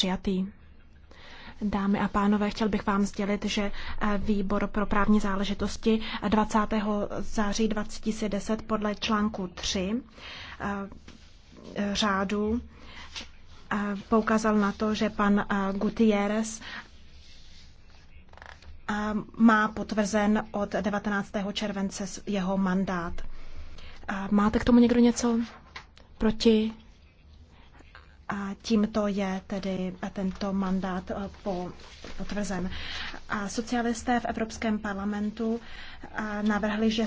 přijatý. Dámy a pánové, chtěl bych vám sdělit, že eh, výbor pro právní záležitosti 20. Eh, září 2010 podle článku 3 eh, řádu poukázal na to, že pan Gutierrez má potvrzen od 19. července jeho mandát. Máte k tomu někdo něco proti? tímto je tedy tento mandát eh, potvrzen. A socialisté v Evropském parlamentu eh, navrhli, že